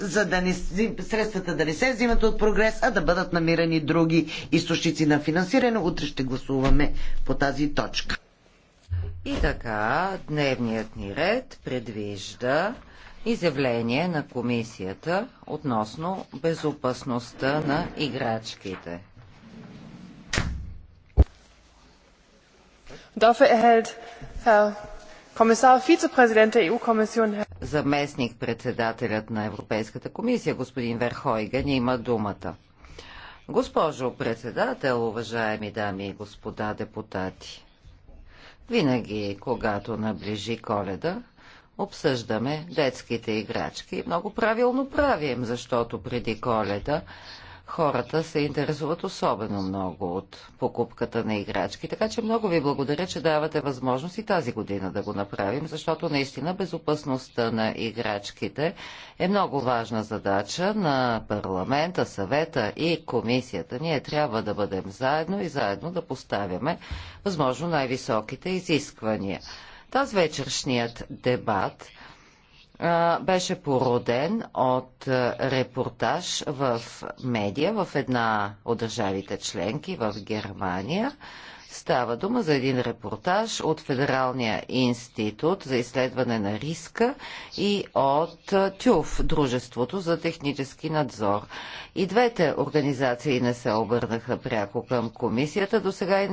за да не, средствата да не се взимат от прогрес, а да бъдат намирани други източници на финансиране. Утре ще гласуваме по тази точка. И така, дневният ни ред предвижда изявление на комисията относно безопасността на играчките. Dafür erhält Herr Заместник председателят на Европейската комисия, господин Верхойген, има думата. Госпожо председател, уважаеми дами и господа депутати, винаги, когато наближи коледа, обсъждаме детските играчки. Много правилно правим, защото преди коледа хората се интересуват особено много от покупката на играчки. Така че много ви благодаря, че давате възможност и тази година да го направим, защото наистина безопасността на играчките е много важна задача на парламента, съвета и комисията. Ние трябва да бъдем заедно и заедно да поставяме възможно най-високите изисквания. Таз вечершният дебат беше породен от репортаж в медия в една от държавите членки в Германия Става дума за един репортаж от Федералния институт за изследване на риска и от ТЮФ, Дружеството за технически надзор. И двете организации не се обърнаха пряко към комисията, до сега и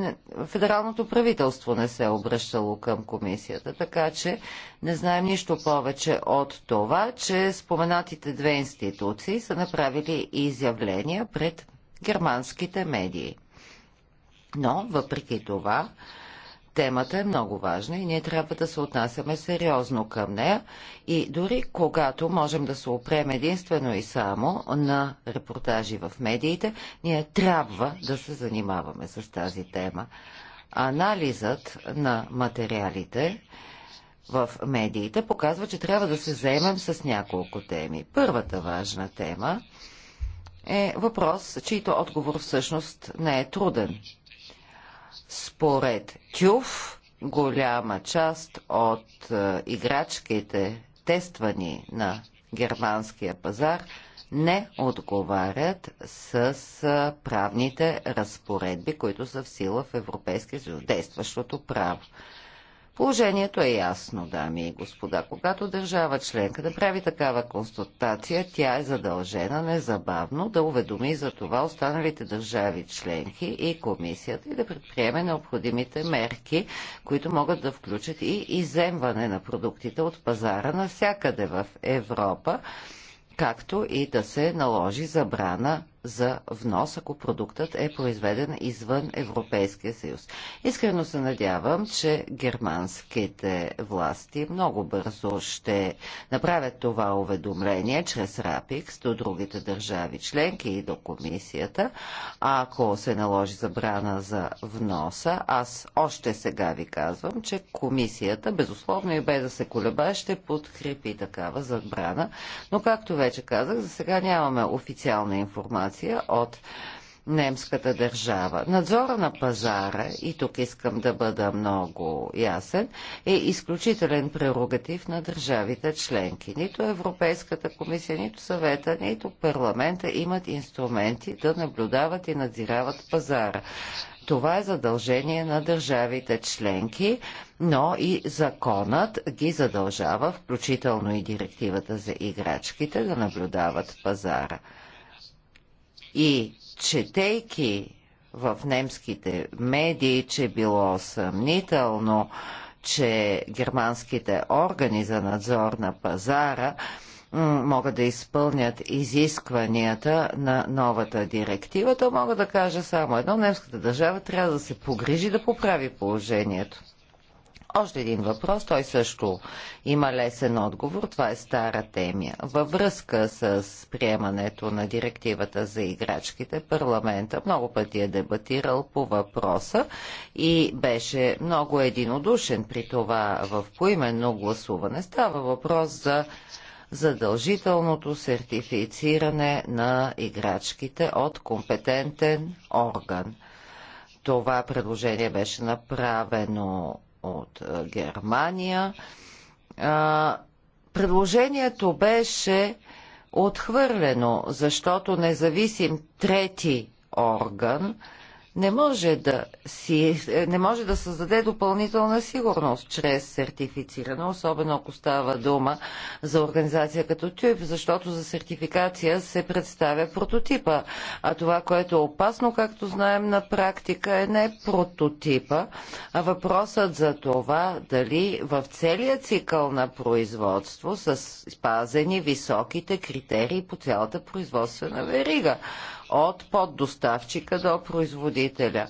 федералното правителство не се е обръщало към комисията, така че не знаем нищо повече от това, че споменатите две институции са направили изявления пред германските медии. Но, въпреки това, темата е много важна и ние трябва да се отнасяме сериозно към нея и дори когато можем да се опрем единствено и само на репортажи в медиите, ние трябва да се занимаваме с тази тема. Анализът на материалите в медиите показва, че трябва да се заемем с няколко теми. Първата важна тема е въпрос, чийто отговор всъщност не е труден според Тюф, голяма част от е, играчките, тествани на германския пазар, не отговарят с е, правните разпоредби, които са в сила в Европейския съюз, действащото право. Положението е ясно, дами и господа. Когато държава членка да прави такава констатация, тя е задължена незабавно да уведоми за това останалите държави членки и комисията и да предприеме необходимите мерки, които могат да включат и иземване на продуктите от пазара навсякъде в Европа, както и да се наложи забрана за внос, ако продуктът е произведен извън Европейския съюз. Искрено се надявам, че германските власти много бързо ще направят това уведомление чрез РАПИКС до другите държави членки и до комисията. Ако се наложи забрана за вноса, аз още сега ви казвам, че комисията, безусловно и без да се колеба, ще подкрепи такава забрана. Но както вече казах, за сега нямаме официална информация информация от немската държава. Надзора на пазара, и тук искам да бъда много ясен, е изключителен прерогатив на държавите членки. Нито Европейската комисия, нито съвета, нито парламента имат инструменти да наблюдават и надзирават пазара. Това е задължение на държавите членки, но и законът ги задължава, включително и директивата за играчките, да наблюдават пазара. И четейки в немските медии, че било съмнително, че германските органи за надзор на пазара могат да изпълнят изискванията на новата директива, то мога да кажа само едно. Немската държава трябва да се погрижи да поправи положението. Още един въпрос, той също има лесен отговор, това е стара темия. Във връзка с приемането на директивата за играчките, парламента много пъти е дебатирал по въпроса и беше много единодушен при това в поименно гласуване. Става въпрос за задължителното сертифициране на играчките от компетентен орган. Това предложение беше направено от Германия. Предложението беше отхвърлено, защото независим трети орган не може да, си, не може да създаде допълнителна сигурност чрез сертифициране, особено ако става дума за организация като ТЮП, защото за сертификация се представя прототипа. А това, което е опасно, както знаем на практика, е не прототипа, а въпросът за това дали в целия цикъл на производство са спазени високите критерии по цялата производствена верига от поддоставчика до производителя.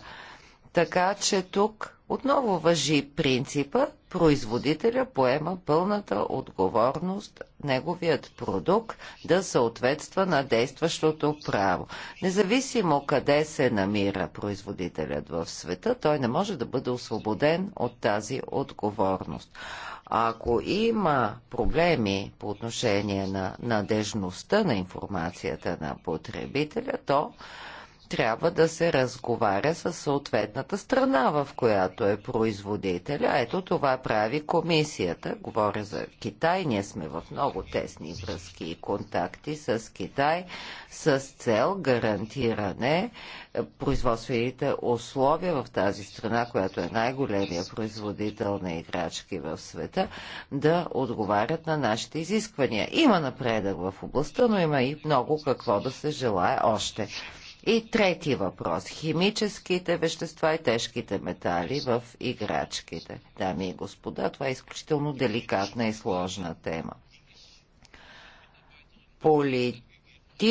Така че тук отново въжи принципа производителя поема пълната отговорност неговият продукт да съответства на действащото право. Независимо къде се намира производителят в света, той не може да бъде освободен от тази отговорност. Ако има проблеми по отношение на надежността на информацията на потребителя, то трябва да се разговаря с съответната страна, в която е производителя. Ето това прави комисията. Говоря за Китай. Ние сме в много тесни връзки и контакти с Китай с цел гарантиране е, производствените условия в тази страна, която е най-големия производител на играчки в света, да отговарят на нашите изисквания. Има напредък в областта, но има и много какво да се желая още. И трети въпрос. Химическите вещества и тежките метали в играчките. Дами и господа, това е изключително деликатна и сложна тема. Полит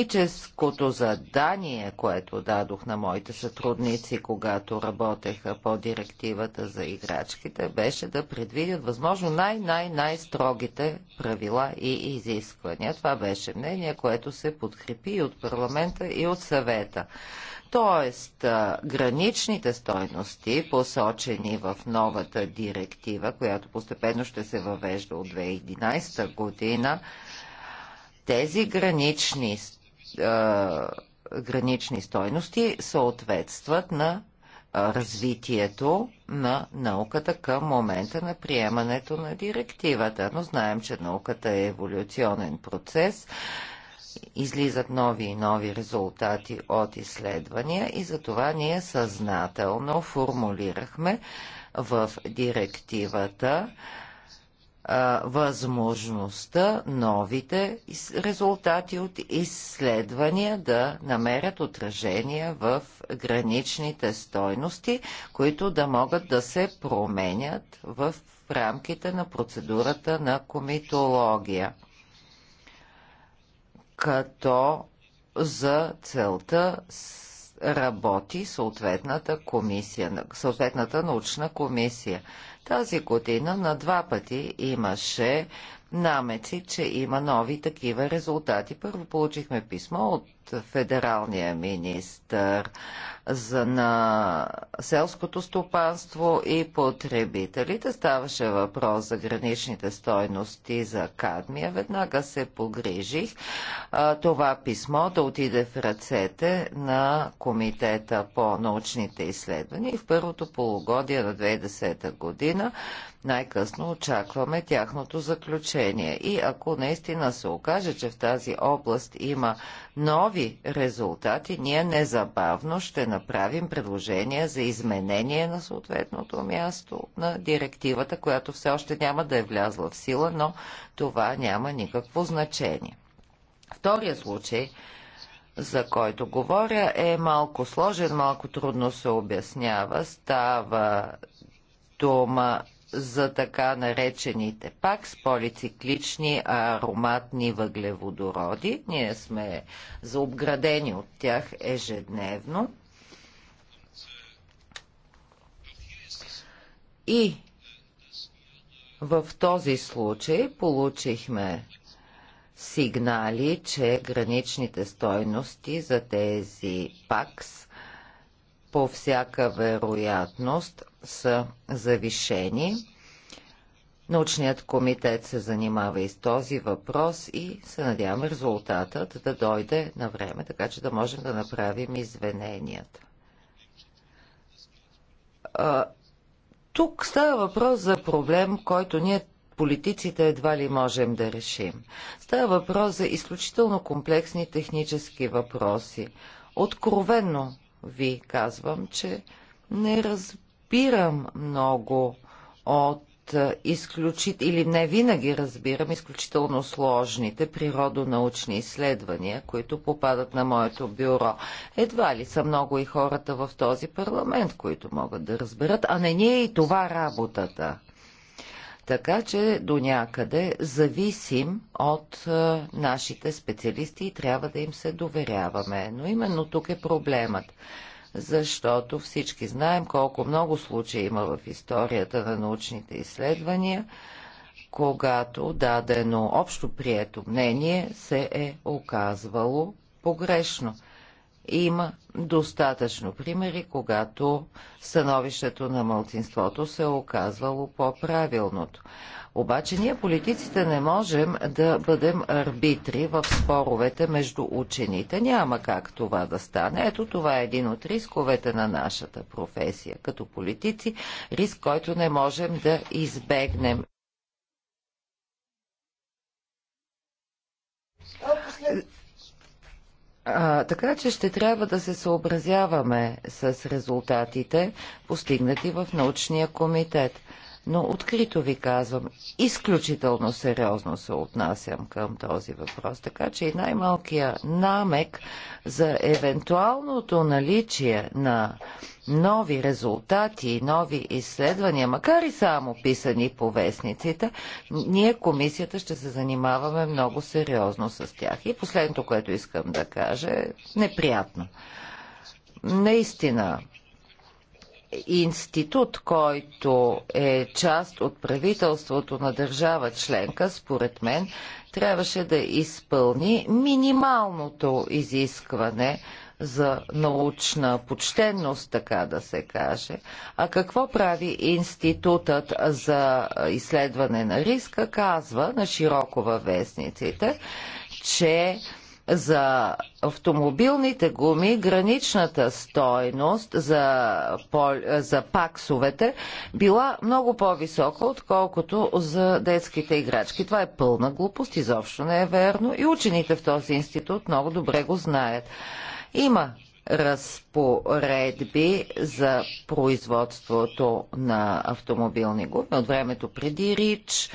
практическото задание, което дадох на моите сътрудници, когато работеха по директивата за играчките, беше да предвидят възможно най-най-най-строгите правила и изисквания. Това беше мнение, което се подкрепи и от парламента, и от съвета. Тоест, граничните стойности, посочени в новата директива, която постепенно ще се въвежда от 2011 година, тези гранични гранични стойности съответстват на развитието на науката към момента на приемането на директивата. Но знаем, че науката е еволюционен процес. Излизат нови и нови резултати от изследвания и това ние съзнателно формулирахме в директивата възможността новите резултати от изследвания да намерят отражение в граничните стойности, които да могат да се променят в рамките на процедурата на комитология. Като за целта работи съответната комисия, съответната научна комисия. Тази година на два пъти имаше намеци, че има нови такива резултати. Първо получихме писмо от федералния министр за на селското стопанство и потребителите. Ставаше въпрос за граничните стойности за кадмия. Веднага се погрижих а, това писмо да отиде в ръцете на Комитета по научните изследвания и в първото полугодие на 2010 година най-късно очакваме тяхното заключение. И ако наистина се окаже, че в тази област има нови резултати, ние незабавно ще направим предложение за изменение на съответното място на директивата, която все още няма да е влязла в сила, но това няма никакво значение. Втория случай, за който говоря, е малко сложен, малко трудно се обяснява. Става дума за така наречените пак с полициклични ароматни въглеводороди. Ние сме заобградени от тях ежедневно. И в този случай получихме сигнали, че граничните стойности за тези пакс по всяка вероятност са завишени. Научният комитет се занимава и с този въпрос и се надяваме резултатът да дойде на време, така че да можем да направим извиненията. тук става въпрос за проблем, който ние политиците едва ли можем да решим. Става въпрос за изключително комплексни технически въпроси. Откровенно ви казвам, че не разбирам много от е, изключит... или не винаги разбирам изключително сложните природонаучни изследвания, които попадат на моето бюро. Едва ли са много и хората в този парламент, които могат да разберат, а не ние и това работата. Така че до някъде зависим от е, нашите специалисти и трябва да им се доверяваме. Но именно тук е проблемът защото всички знаем колко много случаи има в историята на научните изследвания, когато дадено общо прието мнение се е оказвало погрешно. Има достатъчно примери, когато становището на мълтинството се е оказвало по-правилното. Обаче ние политиците не можем да бъдем арбитри в споровете между учените. Няма как това да стане. Ето това е един от рисковете на нашата професия. Като политици, риск, който не можем да избегнем. А, така че ще трябва да се съобразяваме с резултатите, постигнати в научния комитет. Но открито ви казвам, изключително сериозно се отнасям към този въпрос. Така че и най-малкия намек за евентуалното наличие на нови резултати, нови изследвания, макар и само писани по вестниците, ние комисията ще се занимаваме много сериозно с тях. И последното, което искам да кажа е неприятно. Наистина, институт, който е част от правителството на държава членка, според мен, трябваше да изпълни минималното изискване за научна почтенност, така да се каже. А какво прави Институтът за изследване на риска? Казва на широко във вестниците, че за автомобилните гуми граничната стойност за, пол, за паксовете била много по-висока, отколкото за детските играчки. Това е пълна глупост, изобщо не е верно и учените в този институт много добре го знаят. Има разпоредби за производството на автомобилни губи от времето преди РИЧ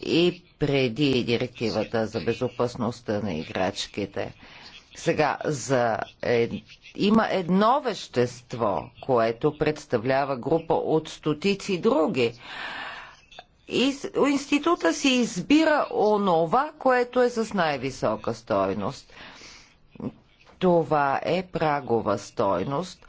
и преди директивата за безопасността на играчките. Сега, за има едно вещество, което представлява група от стотици други. И института си избира онова, което е с най-висока стойност. Това е прагова стойност.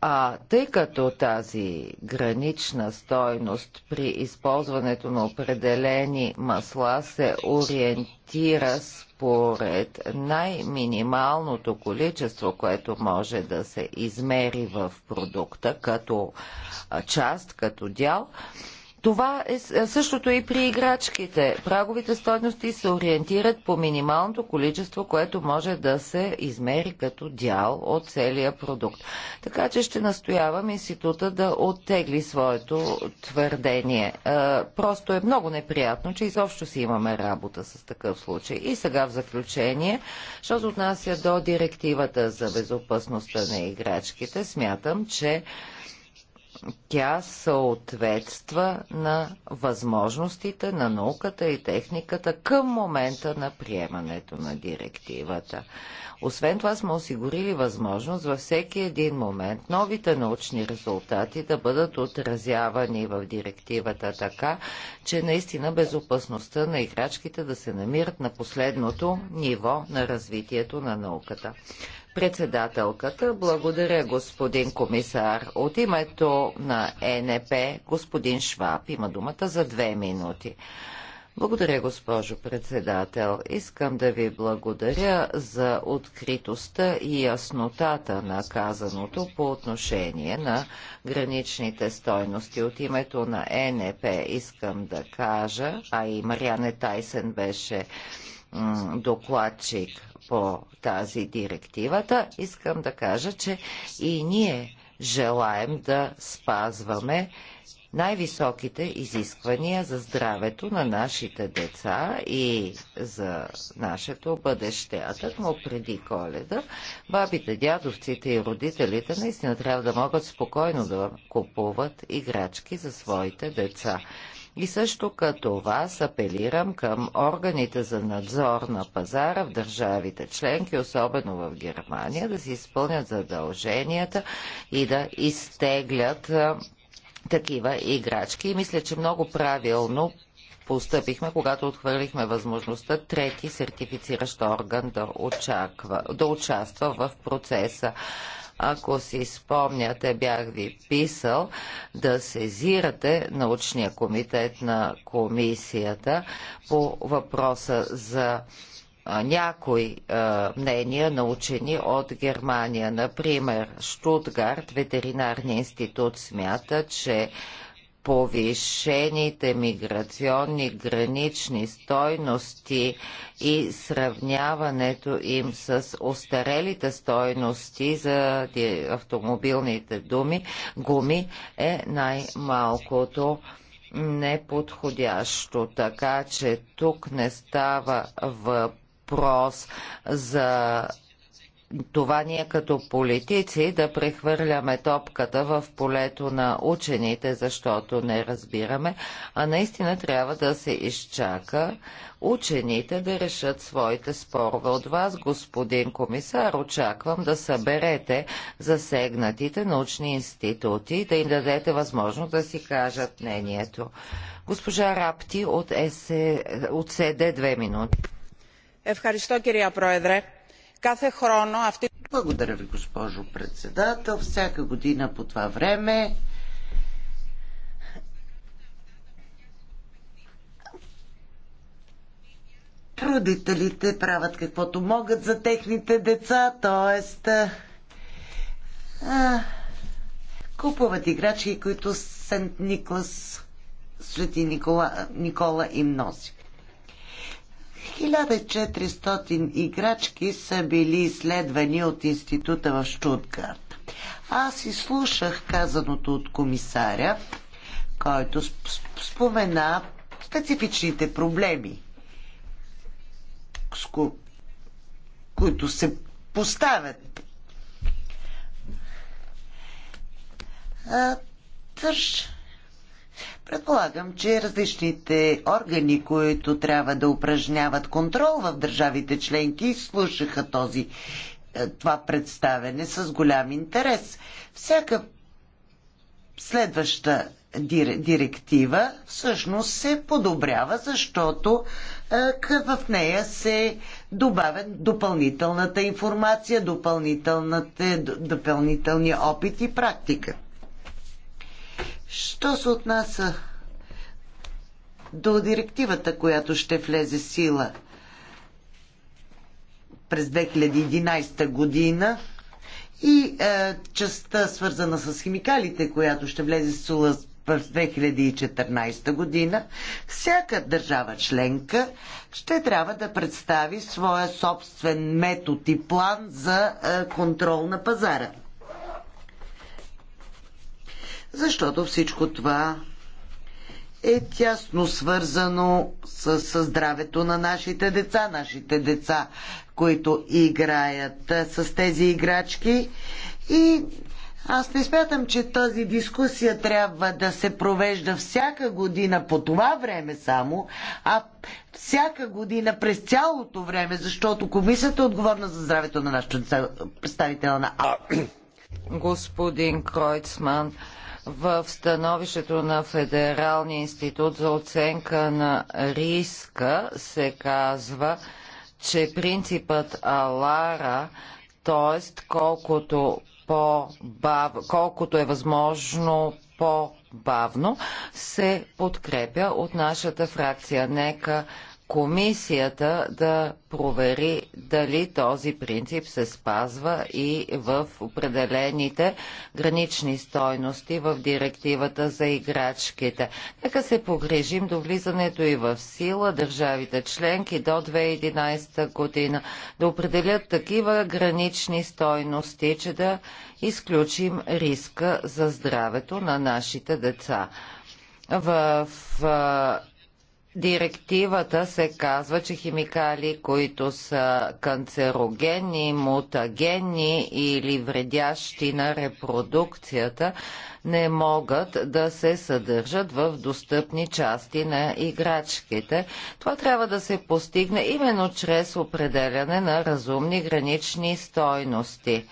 А тъй като тази гранична стойност при използването на определени масла се ориентира според най-минималното количество, което може да се измери в продукта като част, като дял, това е, е същото и при играчките. Праговите стойности се ориентират по минималното количество, което може да се измери като дял от целия продукт. Така че ще настоявам института да оттегли своето твърдение. Е, просто е много неприятно, че изобщо си имаме работа с такъв случай. И сега в заключение, що се отнася до директивата за безопасността на играчките, смятам, че тя съответства на възможностите на науката и техниката към момента на приемането на директивата. Освен това сме осигурили възможност във всеки един момент новите научни резултати да бъдат отразявани в директивата така, че наистина безопасността на играчките да се намират на последното ниво на развитието на науката. Председателката, благодаря господин комисар. От името на ЕНП, господин Шваб има думата за две минути. Благодаря, госпожо председател. Искам да ви благодаря за откритостта и яснотата на казаното по отношение на граничните стойности. От името на ЕНП искам да кажа, а и Мариане Тайсен беше докладчик по тази директивата, искам да кажа, че и ние желаем да спазваме най-високите изисквания за здравето на нашите деца и за нашето бъдеще. А так му преди коледа, бабите, дядовците и родителите наистина трябва да могат спокойно да купуват играчки за своите деца. И също като вас апелирам към органите за надзор на пазара в държавите членки, особено в Германия, да си изпълнят задълженията и да изтеглят такива играчки. И мисля, че много правилно постъпихме, когато отхвърлихме възможността трети сертифициращ орган да, очаква, да участва в процеса. Ако си спомняте, бях ви писал да сезирате научния комитет на комисията по въпроса за някои е, мнения научени от Германия. Например, Штутгарт, ветеринарния институт, смята, че повишените миграционни гранични стойности и сравняването им с остарелите стойности за автомобилните думи, гуми е най-малкото неподходящо. Така че тук не става въпрос за това ние като политици да прехвърляме топката в полето на учените, защото не разбираме, а наистина трябва да се изчака учените да решат своите спорове. От вас, господин комисар, очаквам да съберете засегнатите научни институти и да им дадете възможност да си кажат мнението. Госпожа Рапти от, СД е, от две минути. Ευχαριστώ, κυρία Πρόεδρε. Благодаря ви, госпожо председател. Всяка година по това време родителите правят каквото могат за техните деца, т.е. купуват играчки, които Сент Никлас, Свети Никола, Никола им носи. 1400 играчки са били изследвани от института в Штутгарт. Аз изслушах казаното от комисаря, който спомена специфичните проблеми, които се поставят. А, търж. Предполагам, че различните органи, които трябва да упражняват контрол в държавите членки, слушаха този, е, това представене с голям интерес. Всяка следваща директива всъщност се подобрява, защото е, в нея се добавя допълнителната информация, допълнителният опит и практика. Що се отнася до директивата, която ще влезе сила през 2011 година и е, частта свързана с химикалите, която ще влезе в сила през 2014 година, всяка държава членка ще трябва да представи своя собствен метод и план за е, контрол на пазара защото всичко това е тясно свързано с, с здравето на нашите деца, нашите деца, които играят с тези играчки. И аз не смятам, че тази дискусия трябва да се провежда всяка година по това време само, а всяка година през цялото време, защото комисията е отговорна за здравето на нашите деца, представителя на... Господин Кройцман, в становището на Федералния институт за оценка на риска се казва, че принципът Алара, т.е. колкото, по колкото е възможно по-бавно, се подкрепя от нашата фракция. Нека комисията да провери дали този принцип се спазва и в определените гранични стойности в директивата за играчките. Нека се погрижим до влизането и в сила държавите членки до 2011 година да определят такива гранични стойности, че да изключим риска за здравето на нашите деца. В директивата се казва, че химикали, които са канцерогени, мутагени или вредящи на репродукцията, не могат да се съдържат в достъпни части на играчките. Това трябва да се постигне именно чрез определяне на разумни гранични стойности.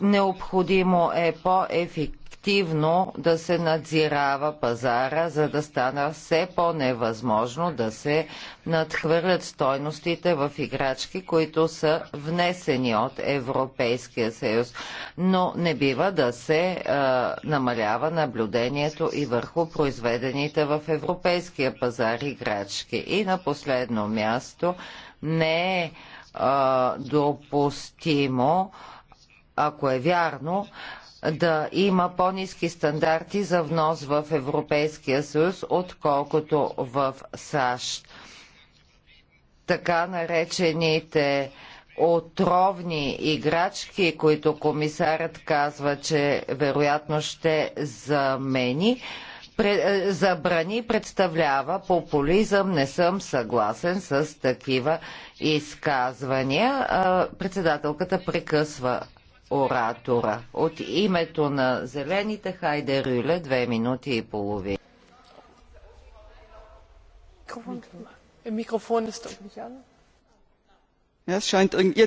Необходимо е по-ефикасно активно да се надзирава пазара, за да стана все по-невъзможно да се надхвърлят стойностите в играчки, които са внесени от Европейския съюз. Но не бива да се а, намалява наблюдението и върху произведените в Европейския пазар играчки. И на последно място не е а, допустимо ако е вярно, да има по-низки стандарти за внос в Европейския съюз, отколкото в САЩ. Така наречените отровни играчки, които комисарят казва, че вероятно ще замени, е, забрани представлява популизъм. Не съм съгласен с такива изказвания. Председателката прекъсва оратора. От името на Зелените Хайде Рюле, две минути и половина. Микрофон е, е, е, е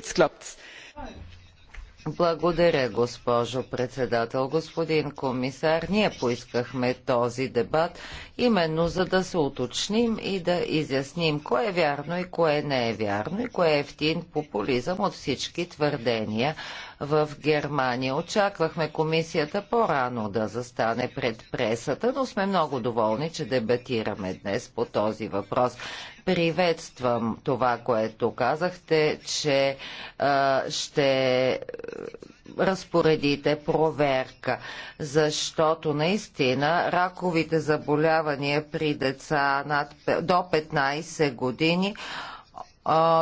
благодаря, госпожо председател. Господин комисар, ние поискахме този дебат именно за да се уточним и да изясним кое е вярно и кое не е вярно и кое е ефтин популизъм от всички твърдения, в Германия. Очаквахме комисията по-рано да застане пред пресата, но сме много доволни, че дебатираме днес по този въпрос. Приветствам това, което казахте, че а, ще разпоредите проверка, защото наистина раковите заболявания при деца над, до 15 години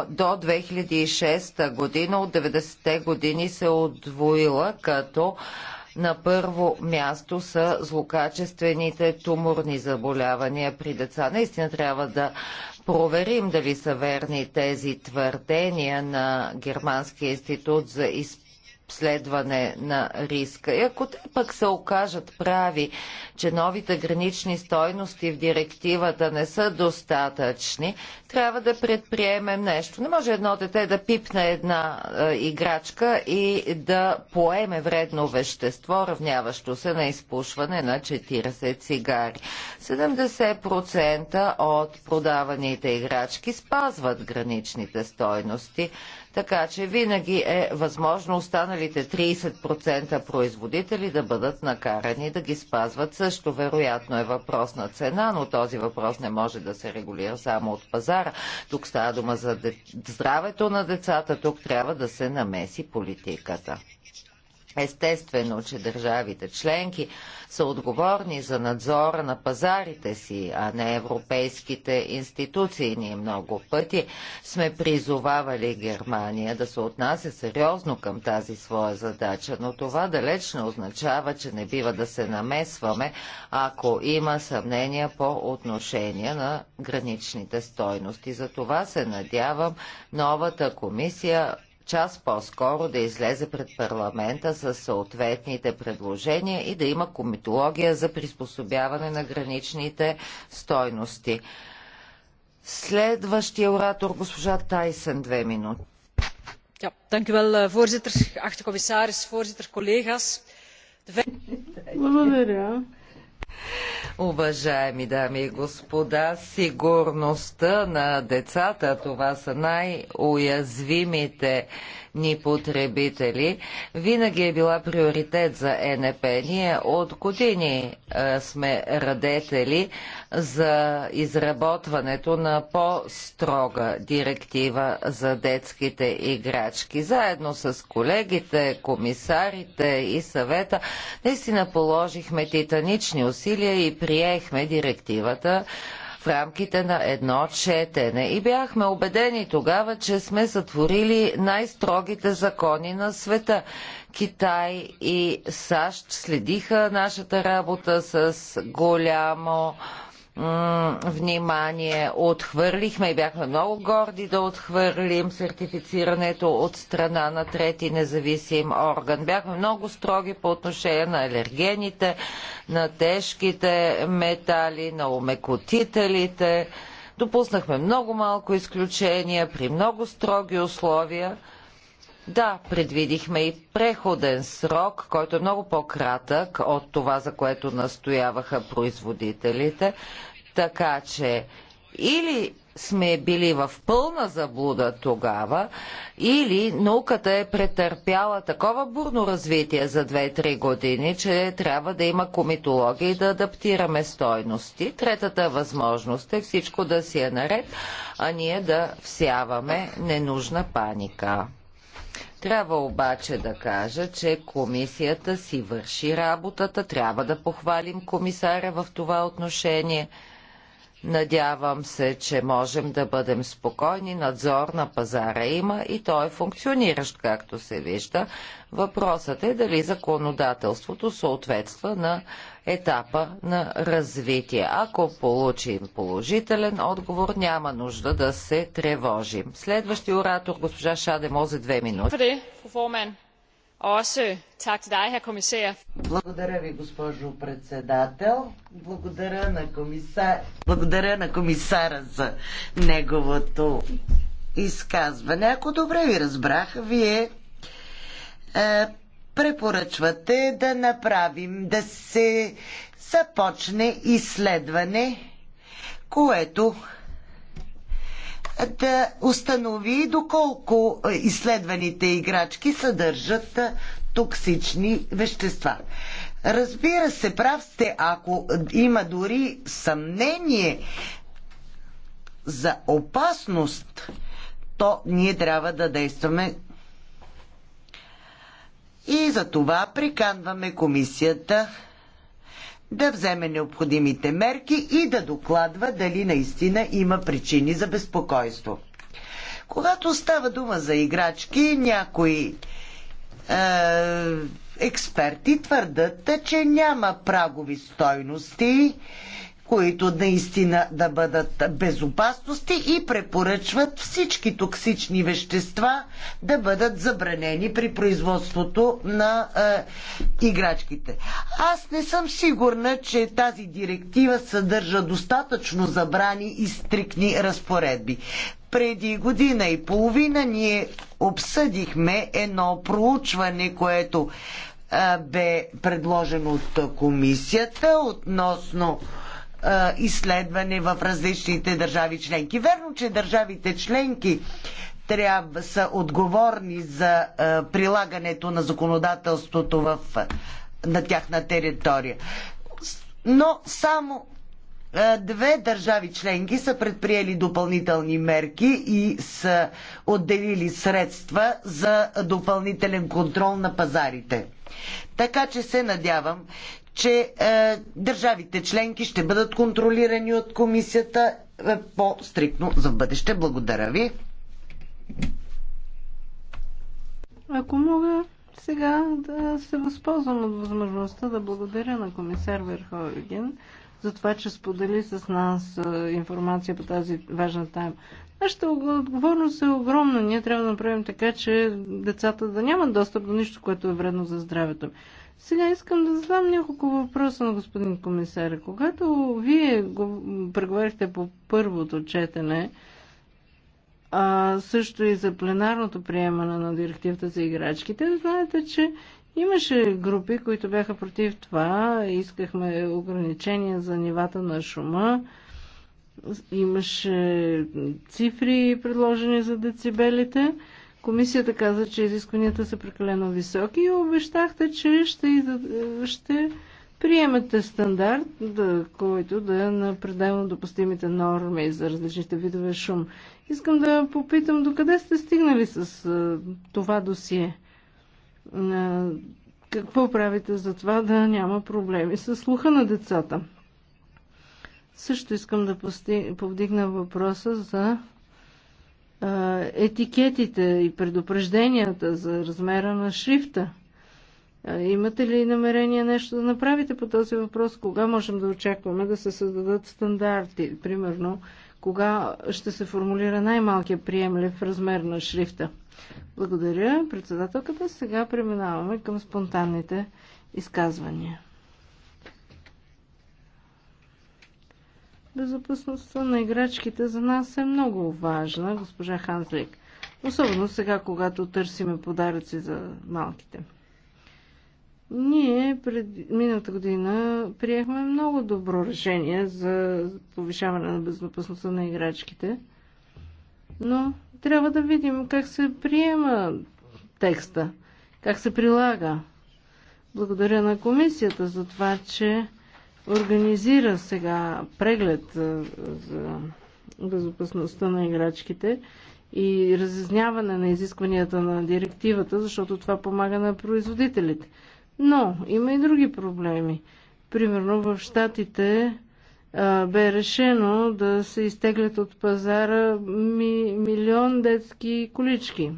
до 2006 година от 90-те години се е отвоила, като на първо място са злокачествените туморни заболявания при деца. Наистина трябва да проверим дали са верни тези твърдения на Германския институт за изпълнение следване на риска. И ако те пък се окажат прави, че новите гранични стойности в директивата не са достатъчни, трябва да предприемем нещо. Не може едно дете да пипне една е, играчка и да поеме вредно вещество, равняващо се на изпушване на 40 цигари. 70% от продаваните играчки спазват граничните стойности. Така че винаги е възможно останалите 30% производители да бъдат накарани да ги спазват също. Вероятно е въпрос на цена, но този въпрос не може да се регулира само от пазара. Тук става дума за здравето на децата, тук трябва да се намеси политиката. Естествено, че държавите членки са отговорни за надзора на пазарите си, а не европейските институции. Ние много пъти сме призовавали Германия да се отнася сериозно към тази своя задача, но това далеч не означава, че не бива да се намесваме, ако има съмнения по отношение на граничните стойности. За това се надявам новата комисия час по-скоро да излезе пред парламента с съответните предложения и да има комитология за приспособяване на граничните стойности. Следващия оратор, госпожа Тайсен, две минути. Eh, voorzitter, geachte commissaris, voorzitter, collega's. Благодаря. Уважаеми дами и господа, сигурността на децата, това са най-уязвимите ни потребители, винаги е била приоритет за ЕНП. Ние от години сме радетели за изработването на по-строга директива за детските играчки. Заедно с колегите, комисарите и съвета, наистина положихме титанични усилия и приехме директивата в рамките на едно четене. И бяхме убедени тогава, че сме сътворили най-строгите закони на света. Китай и САЩ следиха нашата работа с голямо внимание. Отхвърлихме и бяхме много горди да отхвърлим сертифицирането от страна на трети независим орган. Бяхме много строги по отношение на алергените, на тежките метали, на омекотителите. Допуснахме много малко изключения при много строги условия да, предвидихме и преходен срок, който е много по-кратък от това, за което настояваха производителите. Така че или сме били в пълна заблуда тогава, или науката е претърпяла такова бурно развитие за 2-3 години, че трябва да има комитология и да адаптираме стойности. Третата възможност е всичко да си е наред, а ние да всяваме ненужна паника. Трябва обаче да кажа, че комисията си върши работата. Трябва да похвалим комисаря в това отношение – Надявам се, че можем да бъдем спокойни. Надзор на пазара има и той е функциониращ, както се вижда. Въпросът е дали законодателството съответства на етапа на развитие. Ако получим положителен отговор, няма нужда да се тревожим. Следващия оратор, госпожа Шадемо, за две минути. Også tak til dig, herr kommissær. Благодаря ви, госпожо председател. Благодаря на, комисар... Благодаря на комисара за неговото изказване. Ако добре ви разбрах, вие е, препоръчвате да направим, да се започне изследване, което да установи доколко е, изследваните играчки съдържат е, токсични вещества. Разбира се, прав сте, ако има дори съмнение за опасност, то ние трябва да действаме. И за това приканваме комисията да вземе необходимите мерки и да докладва дали наистина има причини за безпокойство. Когато става дума за играчки, някои е, експерти твърдат, че няма прагови стойности които наистина да бъдат безопасности и препоръчват всички токсични вещества да бъдат забранени при производството на е, играчките. Аз не съм сигурна, че тази директива съдържа достатъчно забрани и стрикни разпоредби. Преди година и половина ние обсъдихме едно проучване, което е, бе предложено от комисията относно изследване в различните държави членки. Верно, че държавите членки трябва са отговорни за прилагането на законодателството в, на тяхна територия. Но само Две държави членки са предприели допълнителни мерки и са отделили средства за допълнителен контрол на пазарите. Така че се надявам, че е, държавите членки ще бъдат контролирани от комисията е, по-стрикно за бъдеще. Благодаря ви. Ако мога сега да се възползвам от възможността да благодаря на комисар Верховиген за това, че сподели с нас е, информация по тази важна тема. Нашата отговорност е огромна. Ние трябва да направим така, че децата да нямат достъп до нищо, което е вредно за здравето. Сега искам да задам няколко въпроса на господин комисаря. Когато вие го преговорихте по първото четене, а също и за пленарното приемане на директивата за играчките, знаете, че имаше групи, които бяха против това. Искахме ограничения за нивата на шума. Имаше цифри предложени за децибелите. Комисията каза, че изискванията са прекалено високи и обещахте, че ще, ще приемете стандарт, да, който да е на пределно допустимите норми за различните видове шум. Искам да попитам докъде сте стигнали с а, това досие. А, какво правите за това да няма проблеми с слуха на децата? Също искам да повдигна въпроса за етикетите и предупрежденията за размера на шрифта. Имате ли намерение нещо да направите по този въпрос? Кога можем да очакваме да се създадат стандарти? Примерно, кога ще се формулира най малкият приемлив размер на шрифта? Благодаря, председателката. Сега преминаваме към спонтанните изказвания. Безопасността на играчките за нас е много важна, госпожа Ханслик. Особено сега, когато търсиме подаръци за малките. Ние пред миналата година приехме много добро решение за повишаване на безопасността на играчките, но трябва да видим как се приема текста, как се прилага. Благодаря на комисията за това, че организира сега преглед за безопасността на играчките и разъзняване на изискванията на директивата, защото това помага на производителите. Но има и други проблеми. Примерно в Штатите бе решено да се изтеглят от пазара ми, милион детски колички.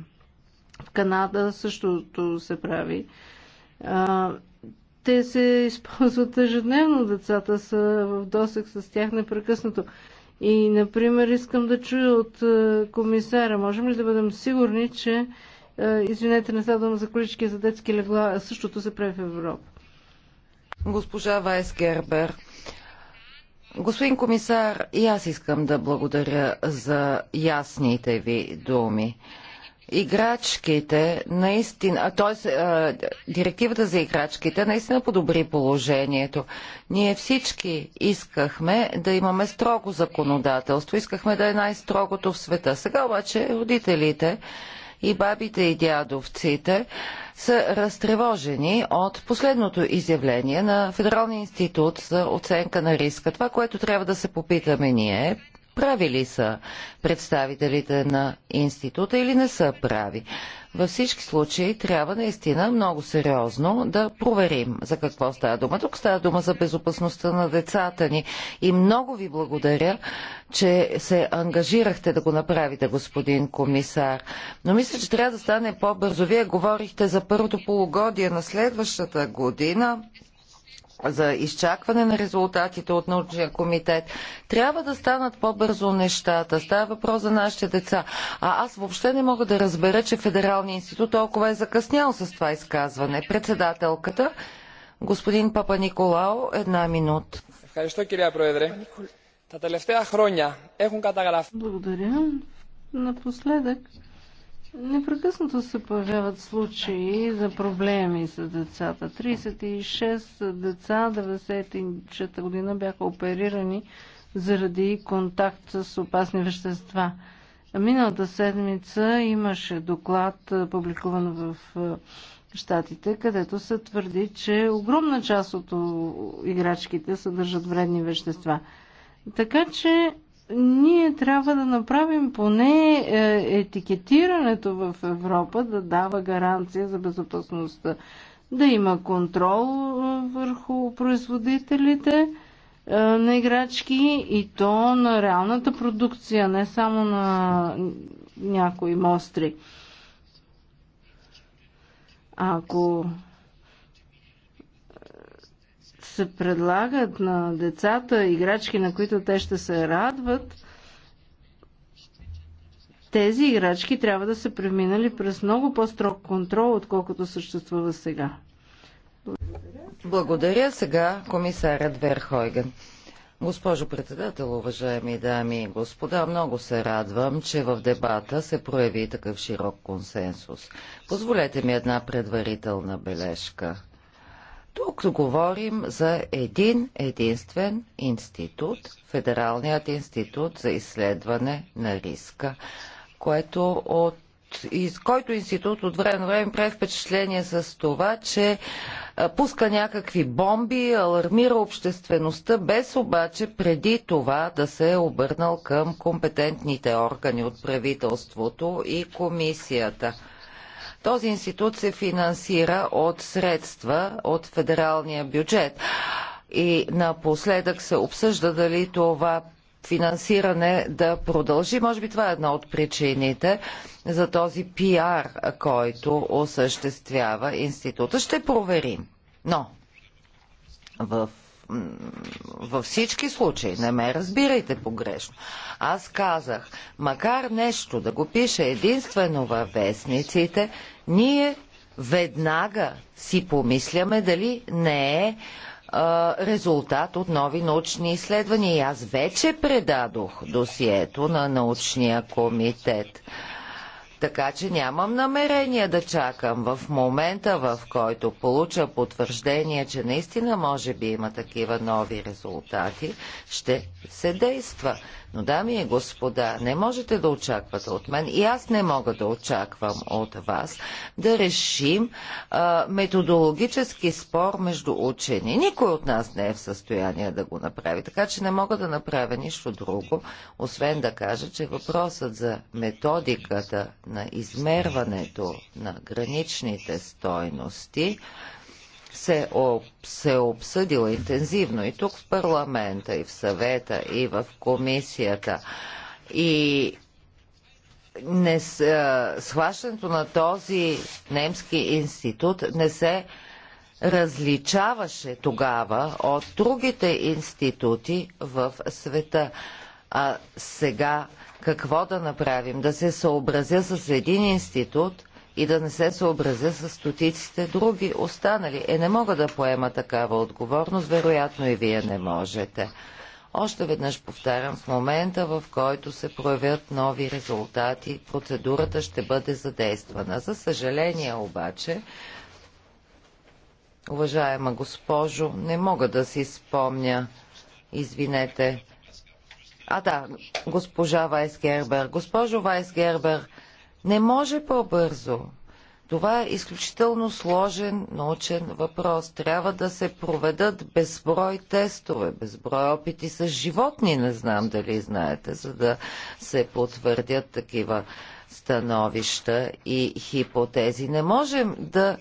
В Канада същото се прави те се използват ежедневно, децата са в досек с тях непрекъснато. И, например, искам да чуя от е, комисара, можем ли да бъдем сигурни, че, е, извинете, не става дума за колички за детски легла, а същото се прави в Европа? Госпожа Вайс Гербер, господин комисар, и аз искам да благодаря за ясните ви думи играчките наистина, т.е. директивата за играчките наистина подобри положението. Ние всички искахме да имаме строго законодателство, искахме да е най-строгото в света. Сега обаче родителите и бабите и дядовците са разтревожени от последното изявление на Федералния институт за оценка на риска. Това, което трябва да се попитаме ние прави ли са представителите на института или не са прави. Във всички случаи трябва наистина много сериозно да проверим за какво става дума. Тук става дума за безопасността на децата ни. И много ви благодаря, че се ангажирахте да го направите, господин комисар. Но мисля, че трябва да стане по-бързо. Вие говорихте за първото полугодие на следващата година за изчакване на резултатите от научния комитет. Трябва да станат по-бързо нещата. Става въпрос за нашите деца. А аз въобще не мога да разбера, че Федералния институт толкова е закъснял с това изказване. Председателката, господин Папа Николао, една минута. Благодаря. Напоследък Непрекъснато се появяват случаи за проблеми с децата. 36 деца 96 та година бяха оперирани заради контакт с опасни вещества. Миналата седмица имаше доклад, публикуван в Штатите, където се твърди, че огромна част от играчките съдържат вредни вещества. Така че ние трябва да направим поне е, етикетирането в Европа да дава гаранция за безопасността. Да има контрол е, върху производителите е, на играчки и то на реалната продукция, не само на някои мостри. Ако се предлагат на децата играчки, на които те ще се радват, тези играчки трябва да са преминали през много по-строг контрол, отколкото съществува сега. Благодаря. Благодаря сега комисарят Верхойген. Госпожо председател, уважаеми дами и господа, много се радвам, че в дебата се прояви такъв широк консенсус. Позволете ми една предварителна бележка. Тук говорим за един единствен институт, Федералният институт за изследване на риска, което от из който институт от време на време прави впечатление с това, че пуска някакви бомби, алармира обществеността, без обаче преди това да се е обърнал към компетентните органи от правителството и комисията. Този институт се финансира от средства от федералния бюджет. И напоследък се обсъжда дали това финансиране да продължи. Може би това е една от причините за този пиар, който осъществява института. Ще проверим. Но в във всички случаи, не ме разбирайте погрешно. Аз казах, макар нещо да го пише единствено във вестниците, ние веднага си помисляме дали не е резултат от нови научни изследвания. И аз вече предадох досието на научния комитет. Така че нямам намерение да чакам в момента, в който получа потвърждение, че наистина може би има такива нови резултати, ще се действа. Но, дами и господа, не можете да очаквате от мен и аз не мога да очаквам от вас да решим а, методологически спор между учени. Никой от нас не е в състояние да го направи, така че не мога да направя нищо друго, освен да кажа, че въпросът за методиката на измерването на граничните стойности – се, об, се обсъдила интензивно и тук в парламента, и в съвета, и в комисията. И не, схващането на този немски институт не се различаваше тогава от другите институти в света. А сега какво да направим? Да се съобразя с един институт – и да не се съобразя с стотиците други останали. Е, не мога да поема такава отговорност, вероятно и вие не можете. Още веднъж повтарям, в момента в който се проявят нови резултати, процедурата ще бъде задействана. За съжаление обаче, уважаема госпожо, не мога да си спомня, извинете, а да, госпожа Вайс Гербер. Госпожо Вайс Гербер, не може по-бързо. Това е изключително сложен научен въпрос. Трябва да се проведат безброй тестове, безброй опити с животни, не знам дали знаете, за да се потвърдят такива становища и хипотези. Не можем да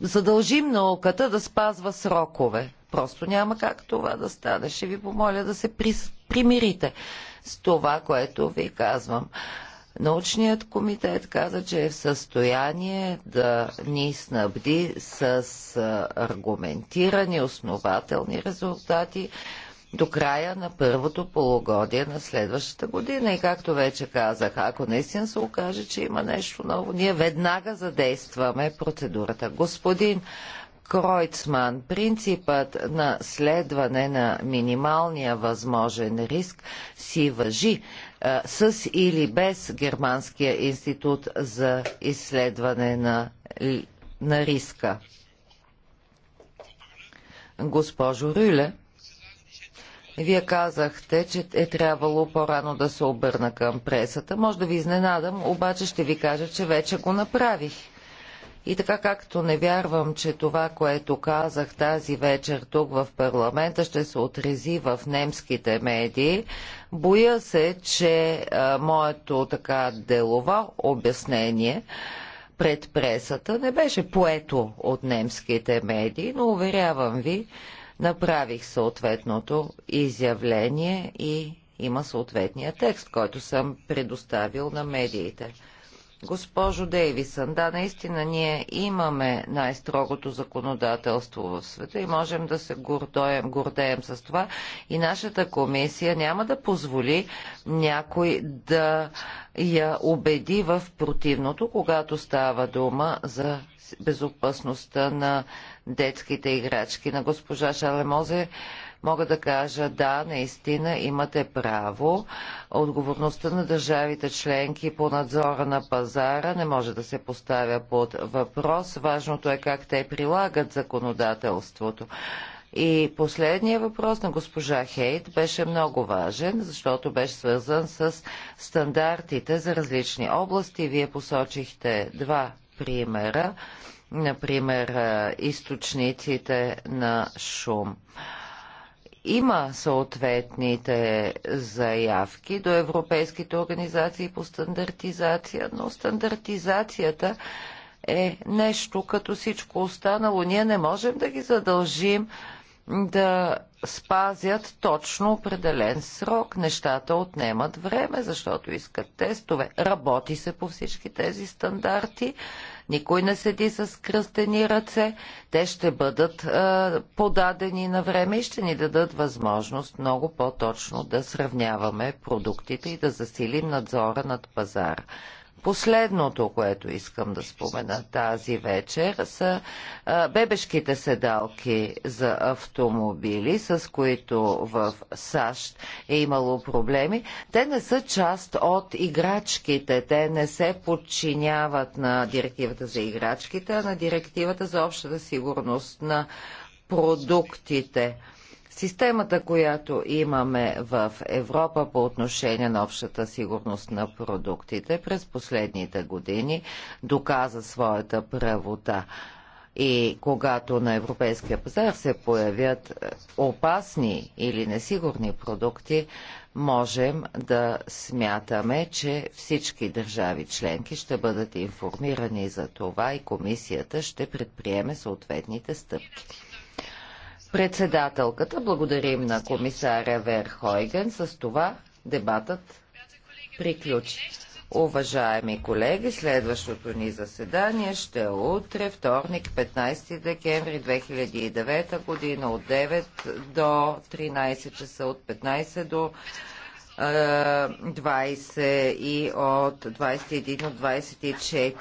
задължим науката да спазва срокове. Просто няма как това да стане. Ще ви помоля да се примирите с това, което ви казвам. Научният комитет каза, че е в състояние да ни снабди с аргументирани, основателни резултати до края на първото полугодие на следващата година. И както вече казах, ако наистина се окаже, че има нещо ново, ние веднага задействаме процедурата. Господин Кройцман. Принципът на следване на минималния възможен риск си въжи а, е, с или без Германския институт за изследване на, на риска. Госпожо Рюле, вие казахте, че е трябвало по-рано да се обърна към пресата. Може да ви изненадам, обаче ще ви кажа, че вече го направих. И така както не вярвам, че това, което казах тази вечер тук в парламента, ще се отрези в немските медии, боя се, че а, моето така делово обяснение пред пресата не беше поето от немските медии, но уверявам ви, направих съответното изявление и има съответния текст, който съм предоставил на медиите. Госпожо Дейвисън, да, наистина ние имаме най-строгото законодателство в света и можем да се гордоем, гордеем с това. И нашата комисия няма да позволи някой да я убеди в противното, когато става дума за безопасността на детските играчки. На госпожа Шалемозе мога да кажа да, наистина имате право. Отговорността на държавите членки по надзора на пазара не може да се поставя под въпрос. Важното е как те прилагат законодателството. И последният въпрос на госпожа Хейт беше много важен, защото беше свързан с стандартите за различни области. Вие посочихте два примера, например източниците на шум има съответните заявки до европейските организации по стандартизация, но стандартизацията е нещо като всичко останало. Ние не можем да ги задължим да спазят точно определен срок. Нещата отнемат време, защото искат тестове. Работи се по всички тези стандарти никой не седи с кръстени ръце, те ще бъдат а, подадени на време и ще ни дадат възможност много по-точно да сравняваме продуктите и да засилим надзора над пазара. Последното, което искам да спомена тази вечер, са бебешките седалки за автомобили, с които в САЩ е имало проблеми. Те не са част от играчките. Те не се подчиняват на директивата за играчките, а на директивата за общата сигурност на продуктите. Системата, която имаме в Европа по отношение на общата сигурност на продуктите през последните години доказа своята правота. И когато на европейския пазар се появят е, опасни или несигурни продукти, можем да смятаме, че всички държави членки ще бъдат информирани за това и комисията ще предприеме съответните стъпки. Председателката, благодарим на комисаря Верхойген. С това дебатът приключи. Уважаеми колеги, следващото ни заседание ще е утре, вторник, 15 декември 2009 година от 9 до 13 часа, от 15 до 20 е, и от 21 до 24.